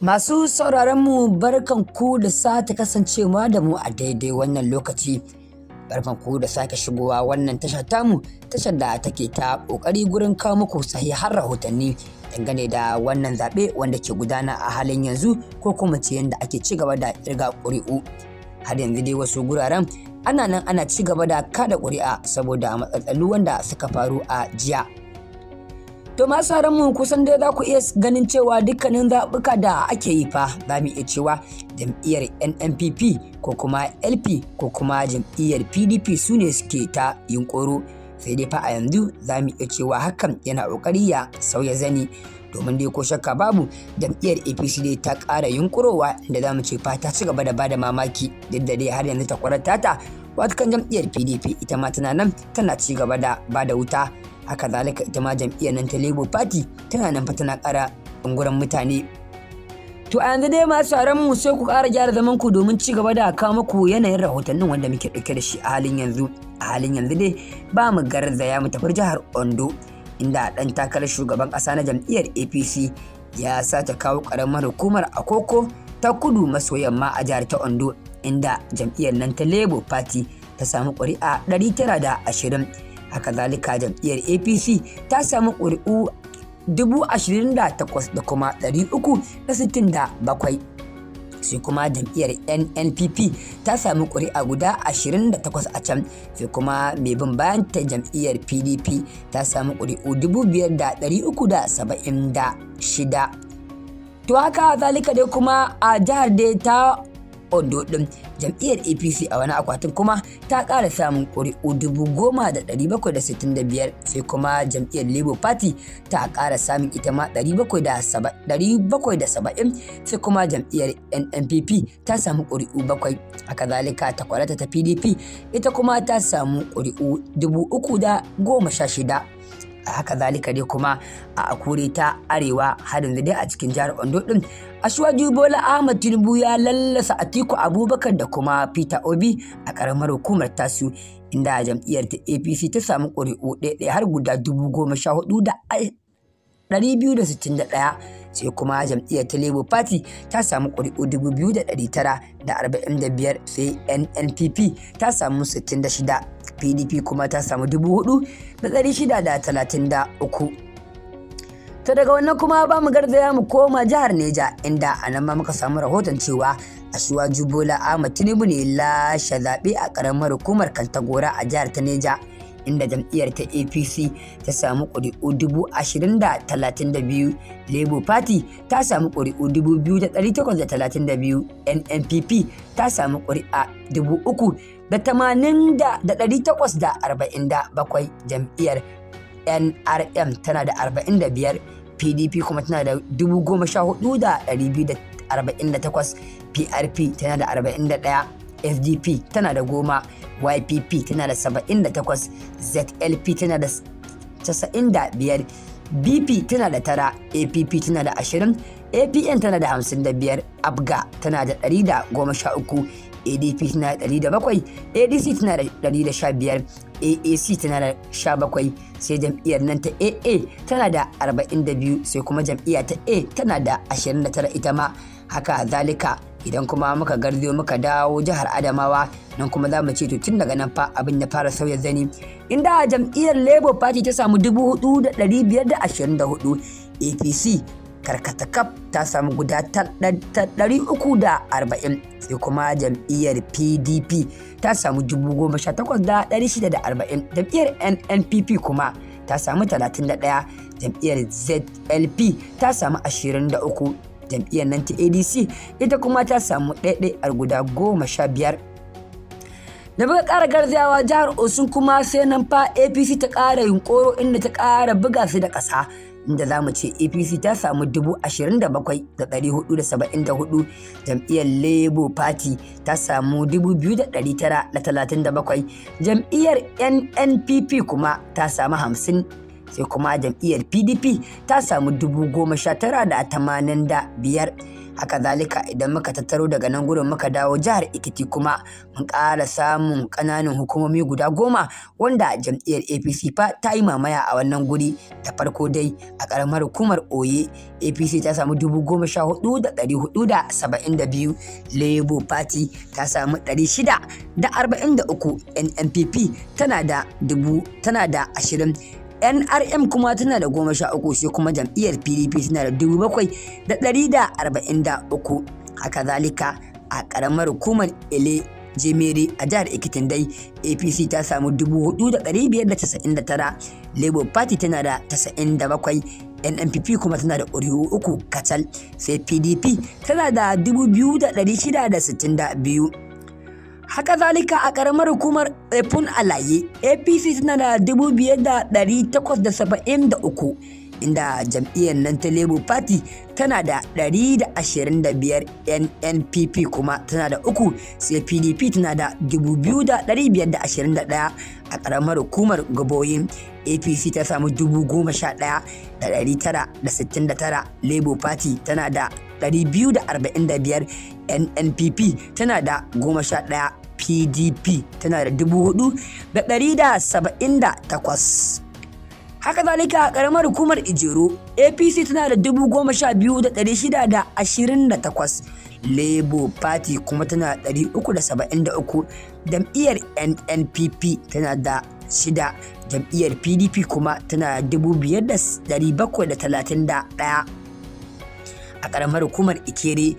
Masu mu barkan ku da kasance kasancewa da mu a daidai wannan lokaci. Barkan ku da sake shigowa wannan tasha mu, tashar da take ta kokari gurin kawo muku sahihan rahotanni dangane da wannan zaɓe wanda ke gudana a halin yanzu ko kuma ce yadda ake ci gaba da irga ƙuri'u. Har yanzu dai wasu guraren ana nan ana ci gaba da kada ƙuri'a saboda matsatsalu wanda suka faru a jiya. to masu mu kusan dai za ku iya ganin cewa dukkanin zaɓuka da ake yi fa za mu iya cewa jam'iyyar nnpp ko kuma lp ko kuma jam'iyyar pdp sune suke ta yunƙuro, sai dai fa a yanzu za mu iya cewa hakan yana ƙoƙari ya sauya zani domin dai ko shakka babu jam'iyyar apc dai ta ƙara yunkurowa da za mu ce fa ta ci gaba da bada mamaki duk da dai har yanzu ta kwarata ta watakan jam'iyyar pdp ita ma tana nan tana ci gaba da bada wuta haka zalika ita ma jam'iyyar nan ta labour party tana nan fa tana ƙara ɗunguran mutane to a yanzu dai masu tsaron mu sai ku ƙara gyara zaman ku domin ci gaba da kawo muku yanayin rahotannin wanda muke ɗauke da shi a halin yanzu a halin yanzu dai ba mu garzaya mu tafi jihar ondo inda ɗan takarar shugaban ƙasa na jam'iyyar apc ya ta kawo ƙaramar hukumar akoko ta kudu maso yamma a jihar ta ondo inda jam'iyyar nan ta labour party ta samu ƙuri'a 920 haka zalika jam'iyyar apc ta samu ƙuri'u ashirin da kuma bakwai, sai kuma jam'iyyar nnpp ta sami ƙuri'a guda 28 a can sai kuma mai bin bayan ta jam'iyyar pdp ta sami ƙuri'u 5,376 to haka zalika dai kuma a jihar da ta ondo ɗin jam'iyyar apc a wani akwatin kuma ta ƙara samun ƙuri'u dubu goma da ɗari bakwai da sittin da biyar sai kuma jam'iyyar labour party ta kara samun ita ma ɗari bakwai da saba'in sai kuma jam'iyyar nnpp ta samu ƙuri'u bakwai a kazalika takwarata ta pdp ita kuma ta samu ƙuri'u dubu uku da goma sha shida haka zalika dai kuma a akure ta arewa har yanzu dai a cikin jihar ondo din ashwaju bola ahmad tinubu ya lallasa atiku abubakar da kuma peter obi a karamar hukumar tasu inda jam'iyyar ta apc ta samu ƙuri'u ɗaya har guda dubu goma sha hudu da 261 sai kuma jam'iyyar ta labour party ta samu ƙuri'u 2,945 sai nnpp ta samu 66 pdp kuma ta samu 4,633 Ta daga wannan kuma ba mu garzaya mu koma jihar Neja inda a nan ma muka samu rahoton cewa asuwa Jubola Ahmad Tinubu ne lashe zaɓe a ƙaramar hukumar Kantagora a jihar ta Neja. inda jam'iyyar ta apc ta samu ƙuri'u dubu ashirin da talatin da biyu labour party ta samu ƙuri'u dubu biyu da ɗari takwas da talatin da biyu nnpp ta samu ƙuri'a dubu uku da tamanin da ɗari takwas da arba'in da bakwai jam'iyyar nrm tana da arba'in da biyar pdp kuma tana da dubu goma sha hudu da ɗari biyu da arba'in da takwas prp tana da arba'in da ɗaya fdp tana da goma ypp tana da 78 zlp tana da 95 bp tana da tara app tana da 20 apn tana da 55 abga tana da 113 adp tana da 107 adc tana da 115 aac tana da sha bakwai sai jam'iyyar nan ta aa tana da arba'in da biyu sai kuma jam'iyya ta a tana da ashirin da tara ita ma haka zalika idan kuma muka garzo muka dawo jihar adamawa nan kuma za mu ce to tun daga nan fa abin ya fara sauya zani inda jam'iyyar labour party ta samu 4,524 apc karkata kaf ta samu guda 340 sai kuma jam'iyyar pdp ta samu 18,640 jam'iyyar nnpp kuma ta samu 31 jam'iyyar zlp ta samu 23 jam'iyyar nan ta adc ita kuma ta samu ɗaiɗai guda goma sha biyar da buga ƙara garzawa jihar osun kuma sai nan fa apc ta ƙara yunƙoro inda ta ƙara buga su da ƙasa inda za mu ce apc ta samu dubu ashirin da da da bakwai hudu saba'in hudu jam'iyyar labour party ta samu dubu biyu da da da tara talatin bakwai jam'iyyar nnpp kuma ta samu hamsin. sai kuma jam'iyyar pdp ta samu dubu goma sha tara da tamanin da biyar haka zalika idan muka tattaro daga nan gudun muka dawo jihar ikiti kuma mun ƙara samun ƙananan hukumomi guda goma wanda jam'iyyar apc fa ta yi mamaya a wannan guri da farko dai a ƙaramar hukumar oye apc ta samu dubu goma sha hudu da ɗari hudu da saba'in da biyu labour party ta samu ɗari shida da arba'in da uku nnpp tana da dubu tana da ashirin nrm kuma tana da goma sha uku sai kuma jam'iyyar pdp tana da dubu bakwai da ɗari da arba'in da uku haka zalika a ƙaramar hukumar ile jemere a jihar ekitin dai apc ta samu dubu hudu da ɗari biyar da casa'in da tara labour party tana da casa'in da bakwai nnpp kuma tana da ƙuri'u uku kacal sai pdp tana da dubu biyu da ɗari shida da sittin da biyu haka zalika a karamar hukumar efun alaye apc tana da dubu biyar da ɗari takwas da saba'in da uku inda jam'iyyar nan ta labour party tana da ɗari da ashirin da biyar NNPP kuma tana da uku sai pdp tana da dubu biyu da ɗari biyar da ashirin da ɗaya a karamar hukumar gaboyin apc ta samu dubu goma sha ɗaya da ɗari tara da sittin da tara labour party tana da ɗari biyu da arba'in da biyar nnpp tana da goma sha ɗaya PDP tana da dubu hudu da dari da saba'in da takwas. Haka zalika a ƙaramar hukumar Ijero, APC tana da dubu goma sha biyu da dari shida da ashirin da takwas. Labour Party kuma tana da dari uku da saba'in da uku. Jam'iyyar NNPP tana da shida. Jam'iyyar PDP kuma tana da dubu biyar da dari bakwai da talatin da ɗaya. A ƙaramar hukumar Ikere,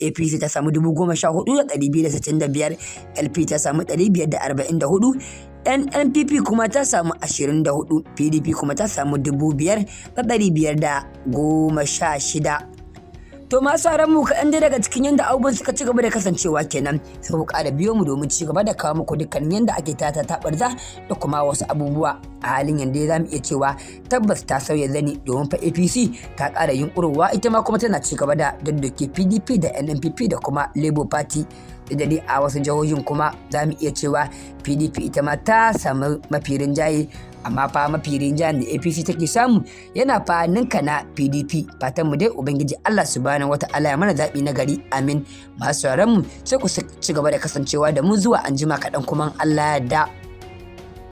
apc ta samu dubu goma sha hudu da ɗari biyu da sittin da biyar lp ta samu ɗari biyar da arba'in da hudu NNPP kuma ta samu 24 PDP kuma ta samu 5,516 to masu haramu mu kaɗan dai daga cikin yadda abubuwan suka ci gaba da kasancewa kenan sai ku ƙara biyo mu domin ci gaba da kawo muku dukkanin yadda ake tata taɓarza da kuma wasu abubuwa a halin yanzu za mu iya cewa tabbas ta sauya zani domin fa apc ta ƙara yunkurowa ita ma kuma tana ci gaba da daddake pdp da nnpp da kuma labour party da dai a wasu jihohin kuma za mu iya cewa pdp ita ma ta samu mafi rinjaye amma fa mafi rinjayen da apc take samu yana fa ninka na pdp fatan mu dai ubangiji allah subhanahu wataala ya mana zaɓi na gari amin masu mu sai ku ci gaba da kasancewa da mu zuwa anjima kaɗan kuma allah ya da